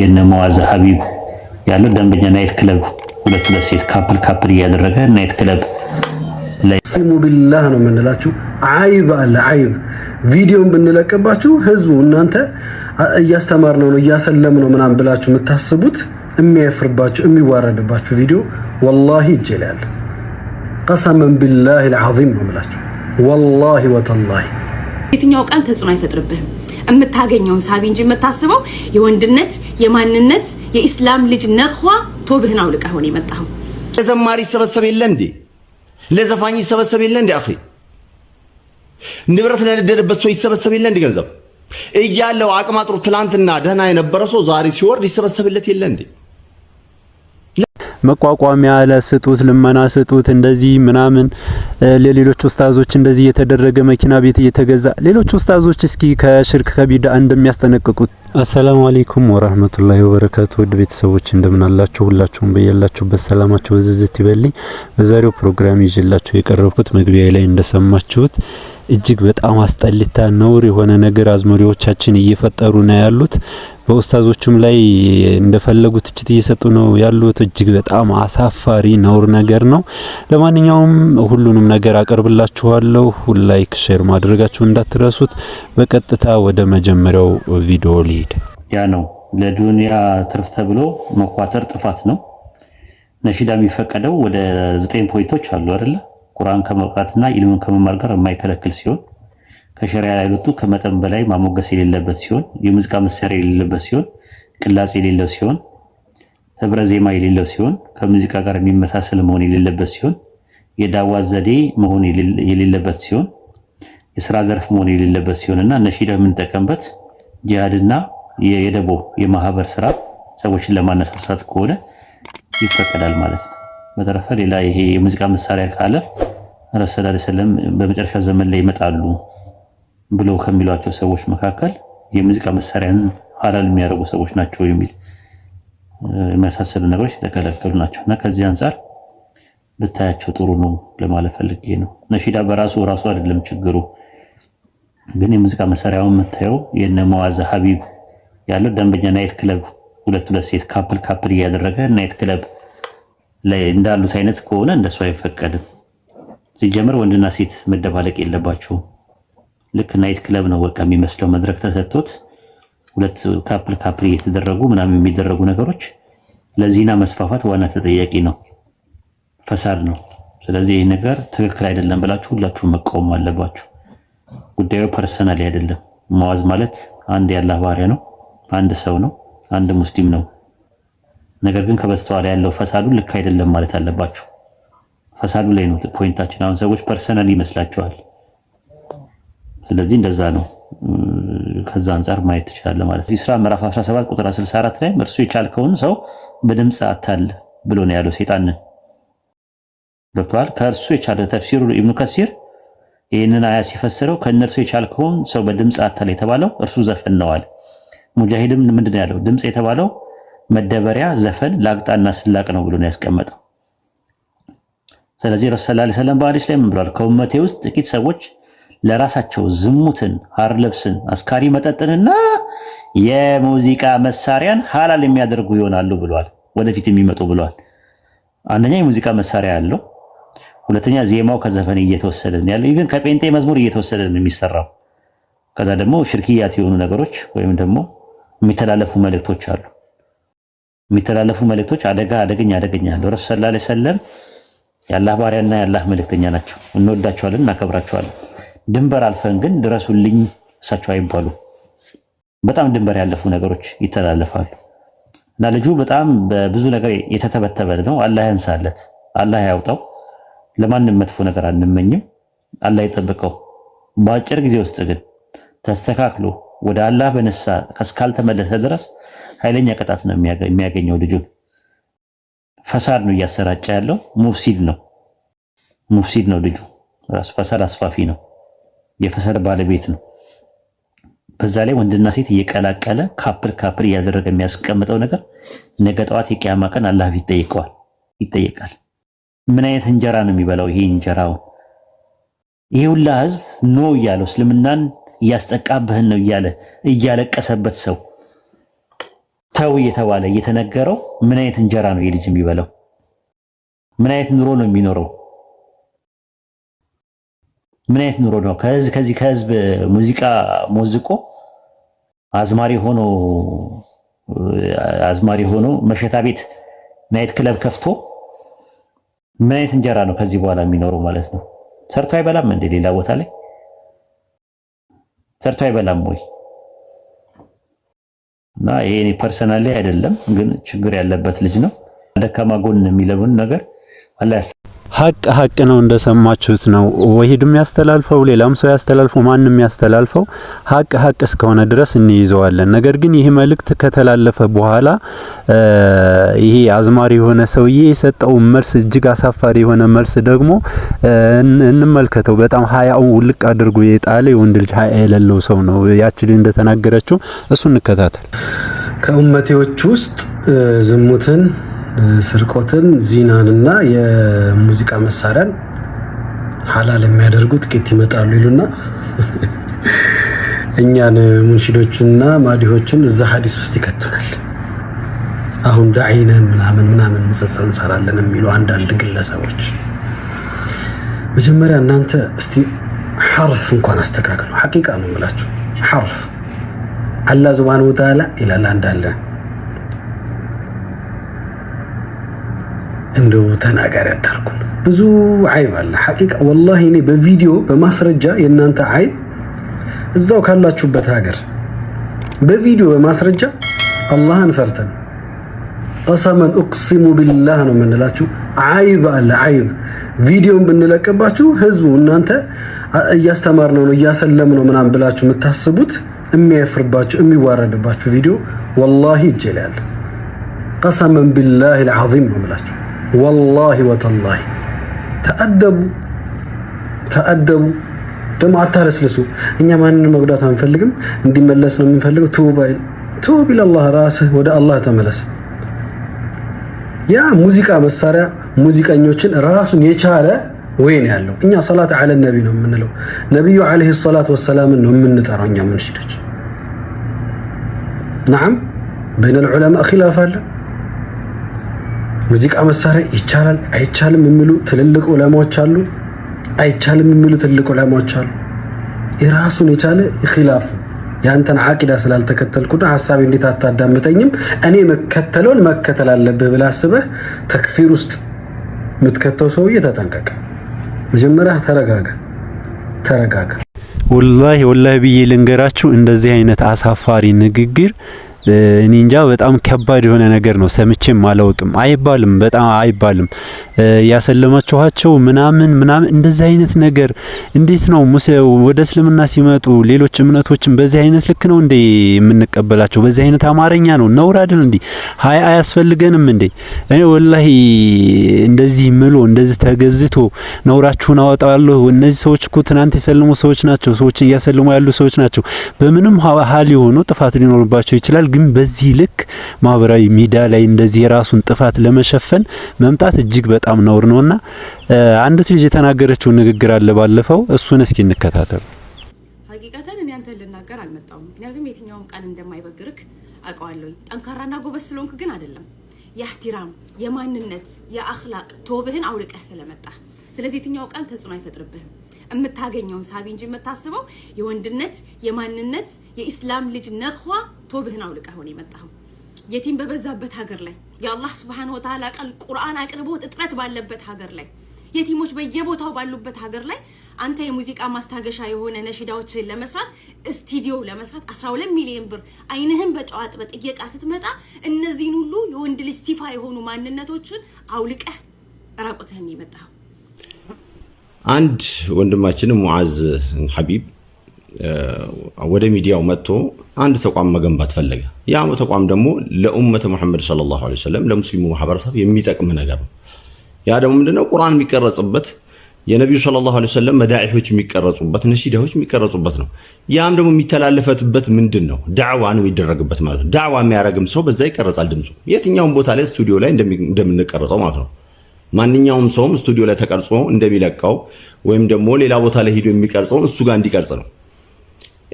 የነ መዋዘ ሀቢብ ያለው ደንበኛ ናይት ክለብ ሁለት ሁለት ሴት ካፕል ካፕል እያደረገ ናይት ክለብ ሲሙ ቢላህ ነው የምንላችሁ። አይብ አለ አይብ። ቪዲዮን ብንለቅባችሁ ህዝቡ እናንተ እያስተማር ነው እያሰለም ነው ምናምን ብላችሁ የምታስቡት የሚያፍርባችሁ የሚዋረድባችሁ ቪዲዮ ወላሂ ይጀላል። ቀሰመን ቢላሂ ልዓዚም ነው የምላችሁ ወላሂ ወተላሂ በየትኛው ቀን ተጽዕኖ አይፈጥርብህም። የምታገኘውን ሳቢ እንጂ የምታስበው የወንድነት የማንነት የኢስላም ልጅ ነኽዋ ቶብህን አውልቃ ሆን የመጣኸው ለዘማሪ ይሰበሰብ የለ እንዴ? ለዘፋኝ ይሰበሰብ የለ እንዴ? አኺ ንብረት ለነደደበት ሰው ይሰበሰብ የለ እንዴ? ገንዘብ እያለው አቅማጥሩ ትላንትና ደህና የነበረ ሰው ዛሬ ሲወርድ ይሰበሰብለት የለ እንዴ? መቋቋሚያ ለስጡት ልመና ስጡት እንደዚህ ምናምን ለሌሎች ኡስታዞች እንደዚህ የተደረገ መኪና ቤት እየተገዛ ሌሎች ኡስታዞች እስኪ ከሽርክ ከቢዳ እንደሚያስጠነቅቁት አሰላሙ አለይኩም ወራህመቱላሂ ወበረካቱ ውድ ቤተሰቦች እንደምን አላችሁ? ሁላችሁም በያላችሁበት ሰላማችሁ በዝዝት ይበልኝ። በዛሬው ፕሮግራም ይዤላችሁ የቀረብኩት መግቢያ ላይ እንደሰማችሁት እጅግ በጣም አስጠሊታ ነውር የሆነ ነገር አዝመሪዎቻችን እየፈጠሩ ነው ያሉት። በኡስታዞቹም ላይ እንደፈለጉ ትችት እየሰጡ ነው ያሉት። እጅግ በጣም አሳፋሪ ነውር ነገር ነው። ለማንኛውም ሁሉንም ነገር አቀርብላችኋለሁ። ላይክ፣ ሼር ማድረጋችሁ እንዳትረሱት። በቀጥታ ወደ መጀመሪያው ቪዲዮ ሊ ነሺድ ያ ነው። ለዱንያ ትርፍ ተብሎ መኳተር ጥፋት ነው። ነሺዳ የሚፈቀደው ወደ ዘጠኝ ፖይንቶች አሉ አይደለ? ቁርአን ከመውቃትና ኢልምን ከመማር ጋር የማይከለክል ሲሆን ከሸሪያ ያልወጡ ከመጠን በላይ ማሞገስ የሌለበት ሲሆን የሙዚቃ መሳሪያ የሌለበት ሲሆን ቅላጽ የሌለው ሲሆን ህብረ ዜማ የሌለው ሲሆን ከሙዚቃ ጋር የሚመሳሰል መሆን የሌለበት ሲሆን የዳዋ ዘዴ መሆን የሌለበት ሲሆን የስራ ዘርፍ መሆን የሌለበት ሲሆን እና ነሺዳ የምንጠቀምበት ጂሃድና የደቦ የማህበር ስራ ሰዎችን ለማነሳሳት ከሆነ ይፈቀዳል ማለት ነው። በተረፈ ሌላ ይሄ የሙዚቃ መሳሪያ ካለ ረሱ ስ ሰለም በመጨረሻ ዘመን ላይ ይመጣሉ ብለው ከሚሏቸው ሰዎች መካከል የሙዚቃ መሳሪያን ሀላል የሚያደርጉ ሰዎች ናቸው የሚል የሚያሳስሉ ነገሮች የተከለከሉ ናቸው እና ከዚህ አንጻር ብታያቸው ጥሩ ነው ለማለት ፈልጌ ነው። ነሺዳ በራሱ ራሱ አይደለም ችግሩ፣ ግን የሙዚቃ መሳሪያውን የምታየው የነ መዋዛ ሀቢብ ያለው ደንበኛ ናይት ክለብ ሁለት ሁለት ሴት ካፕል ካፕል እያደረገ ናይት ክለብ ላይ እንዳሉት አይነት ከሆነ እንደሱ አይፈቀድም። ሲጀምር ወንድና ሴት መደባለቅ የለባቸውም። ልክ ናይት ክለብ ነው በቃ የሚመስለው መድረክ ተሰጥቶት ሁለት ካፕል ካፕል እየተደረጉ ምናምን የሚደረጉ ነገሮች ለዚህና መስፋፋት ዋና ተጠያቂ ነው ፈሳድ ነው። ስለዚህ ይህ ነገር ትክክል አይደለም ብላችሁ ሁላችሁ መቃወም አለባችሁ። ጉዳዩ ፐርሰናል አይደለም። መዋዝ ማለት አንድ ያላህ ባህሪያ ነው። አንድ ሰው ነው፣ አንድ ሙስሊም ነው። ነገር ግን ከበስተኋላ ያለው ፈሳዱ ልክ አይደለም ማለት አለባችሁ። ፈሳዱ ላይ ነው ፖይንታችን። አሁን ሰዎች ፐርሰናል ይመስላችኋል። ስለዚህ እንደዛ ነው። ከዛ አንጻር ማየት ትችላለህ ማለት ነው። ኢስራ ምዕራፍ 17 ቁጥር 64 ላይ እርሱ የቻልከውን ሰው በድምፅ አታል ብሎ ነው ያለው ሰይጣንን ገብተዋል። ከእርሱ የቻለ ተፍሲሩ ኢብኑ ከሲር ይህንን አያ ሲፈስረው ከእነርሱ የቻልከውን ሰው በድምፅ አታል የተባለው እርሱ ዘፈን ነዋል። ሙጃሂድም ምንድን ያለው? ድምፅ የተባለው መደበሪያ ዘፈን ላግጣና ስላቅ ነው ብሎ ያስቀመጠው። ስለዚህ ረሱ ላ ሰለም በአዲስ ላይ ምን ብሏል? ከውመቴ ውስጥ ጥቂት ሰዎች ለራሳቸው ዝሙትን፣ ሀር ልብስን፣ አስካሪ መጠጥንና የሙዚቃ መሳሪያን ሀላል የሚያደርጉ ይሆናሉ ብሏል። ወደፊት የሚመጡ ብሏል። አንደኛ የሙዚቃ መሳሪያ ያለው፣ ሁለተኛ ዜማው ከዘፈን እየተወሰደ ያለው፣ ግን ከጴንጤ መዝሙር እየተወሰደ ነው የሚሰራው። ከዛ ደግሞ ሽርክያት የሆኑ ነገሮች ወይም ደግሞ የሚተላለፉ መልእክቶች አሉ። የሚተላለፉ መልእክቶች አደጋ አደገኛ አደገኛ አሉ። ረሱ ላ ሰለም የአላህ ባሪያና የአላህ መልእክተኛ ናቸው። እንወዳቸዋለን፣ እናከብራቸዋለን። ድንበር አልፈን ግን ድረሱልኝ እሳቸው አይባሉ። በጣም ድንበር ያለፉ ነገሮች ይተላለፋሉ እና ልጁ በጣም በብዙ ነገር የተተበተበ ነው። አላህ ያንሳለት፣ አላህ ያውጣው። ለማንም መጥፎ ነገር አንመኝም። አላህ ይጠብቀው። በአጭር ጊዜ ውስጥ ግን ተስተካክሎ ወደ አላህ በንስሐ እስካልተመለሰ ድረስ ኃይለኛ ቅጣት ነው የሚያገኘው። ልጁ ፈሳድ ነው እያሰራጨ ያለው ሙፍሲድ ነው ሙፍሲድ ነው ልጁ ራሱ ፈሳድ አስፋፊ ነው፣ የፈሳድ ባለቤት ነው። በዛ ላይ ወንድና ሴት እየቀላቀለ ካፕል ካፕል እያደረገ የሚያስቀምጠው ነገር ነገ ጠዋት የቅያማ ቀን አላህ ፊት ይጠይቀዋል ይጠየቃል። ምን አይነት እንጀራ ነው የሚበላው? ይሄ እንጀራው ይሄ ሁላ ህዝብ ኖ እያለው እስልምናን እያስጠቃብህን ነው እያለ እያለቀሰበት ሰው ተው እየተባለ እየተነገረው ምን አይነት እንጀራ ነው የልጅ የሚበላው? ምን አይነት ኑሮ ነው የሚኖረው? ምን አይነት ኑሮ ነው? ከዚህ ከዚህ ከህዝብ ሙዚቃ ሞዝቆ አዝማሪ ሆኖ አዝማሪ ሆኖ መሸታ ቤት ናይት ክለብ ከፍቶ ምን አይነት እንጀራ ነው ከዚህ በኋላ የሚኖረው ማለት ነው? ሰርቶ አይበላም እንደ ሌላ ቦታ ላይ ሰርቶ አይበላም ወይ? እና ይሄ እኔ ፐርሰናል አይደለም፣ ግን ችግር ያለበት ልጅ ነው። ደካማ ጎን የሚለውን ነገር አላ ሀቅ ሀቅ ነው። እንደሰማችሁት ነው ወሂድም ያስተላልፈው፣ ሌላም ሰው ያስተላልፈው፣ ማንም ያስተላልፈው ሀቅ ሀቅ እስከሆነ ድረስ እንይዘዋለን። ነገር ግን ይህ መልእክት ከተላለፈ በኋላ ይሄ አዝማሪ የሆነ ሰውዬ የሰጠው መልስ እጅግ አሳፋሪ የሆነ መልስ ደግሞ እንመልከተው። በጣም ሀያውን ውልቅ አድርጎ የጣለ የወንድ ልጅ ሀያ የሌለው ሰው ነው። ያችል እንደተናገረችው እሱ እንከታተል። ከኡመቴዎች ውስጥ ዝሙትን ስርቆትን፣ ዚናን እና የሙዚቃ መሳሪያን ሀላል የሚያደርጉ ጥቂት ይመጣሉ ይሉና እኛን ሙንሽዶችንና ማዲሆችን እዛ ሀዲስ ውስጥ ይከቱናል። አሁን ዳዒነን ምናምን ምናምን ንጽጽር እንሰራለን የሚሉ አንዳንድ ግለሰቦች መጀመሪያ እናንተ እስቲ ሐርፍ እንኳን አስተካክሉ። ሐቂቃ ነው የምላችሁ ሐርፍ አላህ ሱብሓነሁ ወተዓላ ይላል አንዳለን እንደው ተናጋሪ አታርጉን። ብዙ አይብ አለ ሐቂቃ ወላሂ። እኔ በቪዲዮ በማስረጃ የእናንተ አይብ እዛው ካላችሁበት ሀገር በቪዲዮ በማስረጃ አላህን ፈርተን ቀሰመን እቅሲሙ ቢላህ ነው የምንላችሁ። አይብ አለ አይብ። ቪዲዮን ብንለቅባችሁ ህዝቡ እናንተ እያስተማርነው ነው እያሰለምነው ምናምን ብላችሁ የምታስቡት የሚያፍርባችሁ የሚዋረድባችሁ ቪዲዮ ወላሂ ይጀላል። ላይ ቀሰመን ቢላህ ልዓዚም ነው ብላችሁ ወላሂ ወተላሂ ተአደቡ ተአደቡ ደግሞ አታለስልሱ። እኛ ማንን መጉዳት አንፈልግም፣ እንዲመለስ ነው የምንፈልገው። ቱባይል ቱብ ኢለላህ፣ ራስህ ወደ አላህ ተመለስ። ያ ሙዚቃ መሳሪያ ሙዚቀኞችን ራሱን የቻለ ወይን ያለው። እኛ ሰላት አለ ነቢ ነው የምንለው። ነቢዩ አለይሂ ሰላት ወሰላምን ነው የምንጠራው እኛ ምንሽዶች። ነዓም በይነል ዑለማ ኪላፍ አለ። ሙዚቃ መሳሪያ ይቻላል አይቻልም የሚሉ ትልልቅ ዑለማዎች አሉ፣ አይቻልም የሚሉ ትልልቅ ዑለማዎች አሉ። የራሱን የቻለ ይኺላፍ ያንተን አቂዳ ስላልተከተልኩና ሀሳብ እንዴት አታዳምጠኝም? እኔ መከተለውን መከተል አለብህ ብለህ አስበህ ተክፊር ውስጥ የምትከተው ሰውዬ ተጠንቀቀ። መጀመሪያ ተረጋጋ፣ ተረጋጋ። ወላሂ ወላሂ ብዬ ልንገራችሁ እንደዚህ አይነት አሳፋሪ ንግግር እኔ እንጃ በጣም ከባድ የሆነ ነገር ነው። ሰምቼም አላውቅም አይባልም፣ በጣም አይባልም። ያሰለማችኋቸው ምናምን ምናምን እንደዚህ አይነት ነገር እንዴት ነው ሙሴ ወደ እስልምና ሲመጡ ሌሎች እምነቶችን በዚህ አይነት ልክ ነው እንዴ የምንቀበላቸው? በዚህ አይነት አማርኛ ነው ነውር አይደል እንዴ? ሀይ አያስፈልገንም እንዴ? እኔ ወላሂ እንደዚህ ምሎ እንደዚህ ተገዝቶ ነውራችሁን አወጣለሁ። እነዚህ ሰዎች እኮ ትናንት የሰለሙ ሰዎች ናቸው። ሰዎችን እያሰለሙ ያሉ ሰዎች ናቸው። በምንም ሀል የሆኑ ጥፋት ሊኖርባቸው ይችላል ግን በዚህ ልክ ማህበራዊ ሚዲያ ላይ እንደዚህ የራሱን ጥፋት ለመሸፈን መምጣት እጅግ በጣም ነውር ነውና አንዲት ልጅ የተናገረችው ንግግር አለ ባለፈው፣ እሱን እስኪ እንከታተሉ። ሀቂቀተን እኔ አንተን ልናገር አልመጣሁም፣ ምክንያቱም የትኛውም ቃል እንደማይበግርክ አውቀዋለሁ። ጠንካራና ጎበዝ ስለሆንክ ግን አይደለም የአህቲራም የማንነት የአክላቅ ቶብህን አውልቀህ ስለመጣ ስለዚህ የትኛው ቃል ተጽዕኖ አይፈጥርብህም። የምታገኘውን ሳቢ እንጂ የምታስበው የወንድነት የማንነት የኢስላም ልጅ ነህዋ ቶብህን አውልቀህ ሆነ የመጣኸው የቲም በበዛበት ሀገር ላይ የአላህ ስብሐነ ወተዓላ ቃል ቁርአን አቅርቦት እጥረት ባለበት ሀገር ላይ የቲሞች በየቦታው ባሉበት ሀገር ላይ አንተ የሙዚቃ ማስታገሻ የሆነ ነሽዳዎችን ለመስራት ስቱዲዮ ለመስራት 12 ሚሊዮን ብር አይንህን በጨዋጥ በጥየቃ ስትመጣ እነዚህን ሁሉ የወንድ ልጅ ሲፋ የሆኑ ማንነቶችን አውልቀህ ራቆትህን የመጣኸው አንድ ወንድማችንም ሙዓዝ ሀቢብ ወደ ሚዲያው መጥቶ አንድ ተቋም መገንባት ፈለገ። ያ ተቋም ደግሞ ለኡመተ መሐመድ ሰለላሁ ዐለይሂ ወሰለም ለሙስሊሙ ማህበረሰብ የሚጠቅም ነገር ነው። ያ ደግሞ ምንድነው? ቁርአን የሚቀረጽበት የነቢዩ ሰለላሁ ዐለይሂ ወሰለም መዳኢሖች የሚቀረጹበት ነሺዳዎች የሚቀረጹበት ነው። ያም ደግሞ የሚተላለፈትበት ምንድን ነው? ዳዕዋ ነው የሚደረግበት ማለት ነው። ዳዕዋ የሚያረግም ሰው በዛ ይቀረጻል ድምፁ የትኛውም ቦታ ላይ ስቱዲዮ ላይ እንደምንቀረጸው ማለት ነው። ማንኛውም ሰውም ስቱዲዮ ላይ ተቀርጾ እንደሚለቀው ወይም ደግሞ ሌላ ቦታ ላይ ሄዶ የሚቀርጸውን እሱ ጋር እንዲቀርጽ ነው።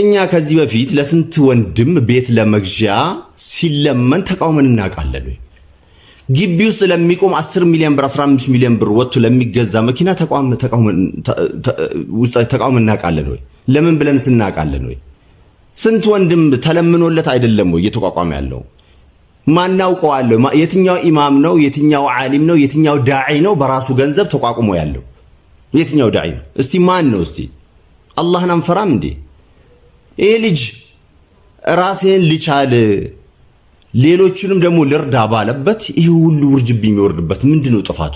እኛ ከዚህ በፊት ለስንት ወንድም ቤት ለመግዣ ሲለመን ተቃውመን እናውቃለን። ግቢ ውስጥ ለሚቆም 10 ሚሊዮን ብር 15 ሚሊዮን ብር ወጥቶ ለሚገዛ መኪና ተቃውመን እናውቃለን ወይ? ለምን ብለን ስናውቃለን ወይ? ስንት ወንድም ተለምኖለት አይደለም ወይ እየተቋቋመ ያለው? ማናውቀው የትኛው ኢማም ነው? የትኛው ዓሊም ነው? የትኛው ዳዒ ነው በራሱ ገንዘብ ተቋቁሞ ያለው? የትኛው ዳዒ ነው? እስቲ ማን ነው? እስቲ አላህን አንፈራም እንዴ? ይሄ ልጅ ራሴን ልቻል ሌሎቹንም ደግሞ ልርዳ ባለበት ይህ ሁሉ ውርጅብኝ የሚወርድበት ምንድን ነው ጥፋቱ?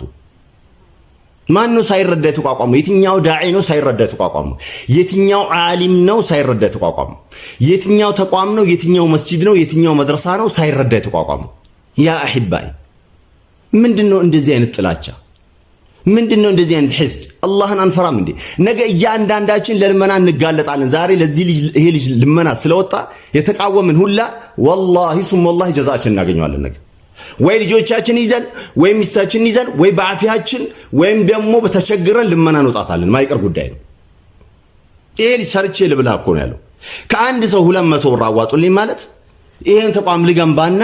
ማን ነው ሳይረዳ የተቋቋመው? የትኛው ዳዒ ነው ሳይረዳ የተቋቋመው? የትኛው ዓሊም ነው ሳይረዳ የተቋቋመው? የትኛው ተቋም ነው? የትኛው መስጂድ ነው? የትኛው መድረሳ ነው ሳይረዳ የተቋቋመው? ያ አሕባይ ምንድን ነው እንደዚህ አይነት ጥላቻ? ምንድን ነው እንደዚህ አይነት ሕዝብ? አላህን አንፈራም እንዴ? ነገ እያንዳንዳችን ለልመና እንጋለጣለን። ዛሬ ለዚህ ልጅ ይሄ ልጅ ልመና ስለወጣ የተቃወምን ሁላ ወላሂ ሱም ወላሂ ጀዛችን እናገኘዋለን። ነገ ወይ ልጆቻችን ይዘን ወይ ሚስታችን ይዘን ወይ በአፊያችን ወይም ደግሞ በተቸግረን ልመና እንወጣታለን። ማይቀር ጉዳይ ነው። ይሄ ልጅ ሰርቼ ልብላ እኮ ነው ያለው። ከአንድ ሰው ሁለት መቶ ብር አዋጡልኝ ማለት ይሄን ተቋም ልገንባና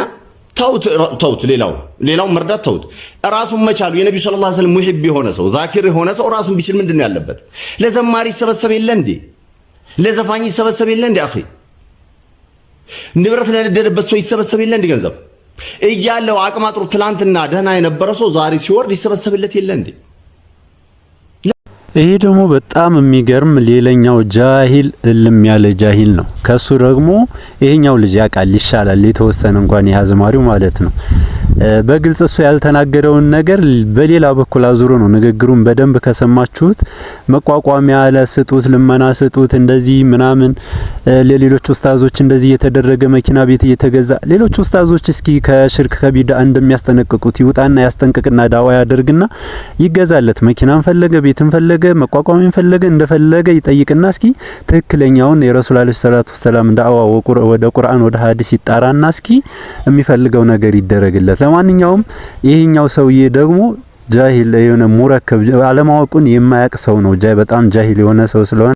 ተውት ተውት፣ ሌላው ሌላው መርዳት ተውት፣ ራሱን መቻሉ የነቢዩ ሰለላሁ ዐለይሂ ወሰለም ሙሂብ የሆነ ሰው ዛኪር የሆነ ሰው ራሱን ቢችል ምንድን ነው ያለበት? ለዘማሪ ይሰበሰብ የለ እንዴ? ለዘፋኝ ይሰበሰብ የለ እንዴ? አኺ ንብረት ለነደደበት ሰው ይሰበሰብ የለ እንዴ? ገንዘብ እያለው አቅማጥሩ ትላንትና ደህና የነበረ ሰው ዛሬ ሲወርድ ይሰበሰብለት የለ እንዴ? ይሄ ደግሞ በጣም የሚገርም ሌላኛው ጃሂል እልም ያለ ጃሂል ነው። ከሱ ደግሞ ይሄኛው ልጅ ያውቃል ይሻላል የተወሰነ እንኳን ያዝማሪው ማለት ነው። በግልጽ እሱ ያልተናገረውን ነገር በሌላ በኩል አዙሮ ነው። ንግግሩን በደንብ ከሰማችሁት መቋቋሚያ ለስጡት፣ ልመና ስጡት፣ እንደዚህ ምናምን ለሌሎች ኡስታዞች እንደዚህ የተደረገ መኪና ቤት እየተገዛ ሌሎች ኡስታዞች እስኪ ከሽርክ ከቢዳ እንደሚያስጠነቅቁት ይውጣና ያስጠንቅቅና ዳዋ ያደርግና ይገዛለት። መኪናን ፈለገ፣ ቤትን ፈለገ፣ መቋቋሚያን ፈለገ፣ እንደፈለገ ይጠይቅና እስኪ ትክክለኛውን የረሱል አለይሂ ሰላቱ ሰላም ዳዋ ወደ ቁርአን ወደ ሀዲስ ይጣራና እስኪ የሚፈልገው ነገር ይደረግለት። ለማንኛውም ይሄኛው ሰውዬ ደግሞ ጃሂል የሆነ ሙረከብ አለማወቁን የማያቅ ሰው ነው። ጃይ በጣም ጃሂል የሆነ ሰው ስለሆነ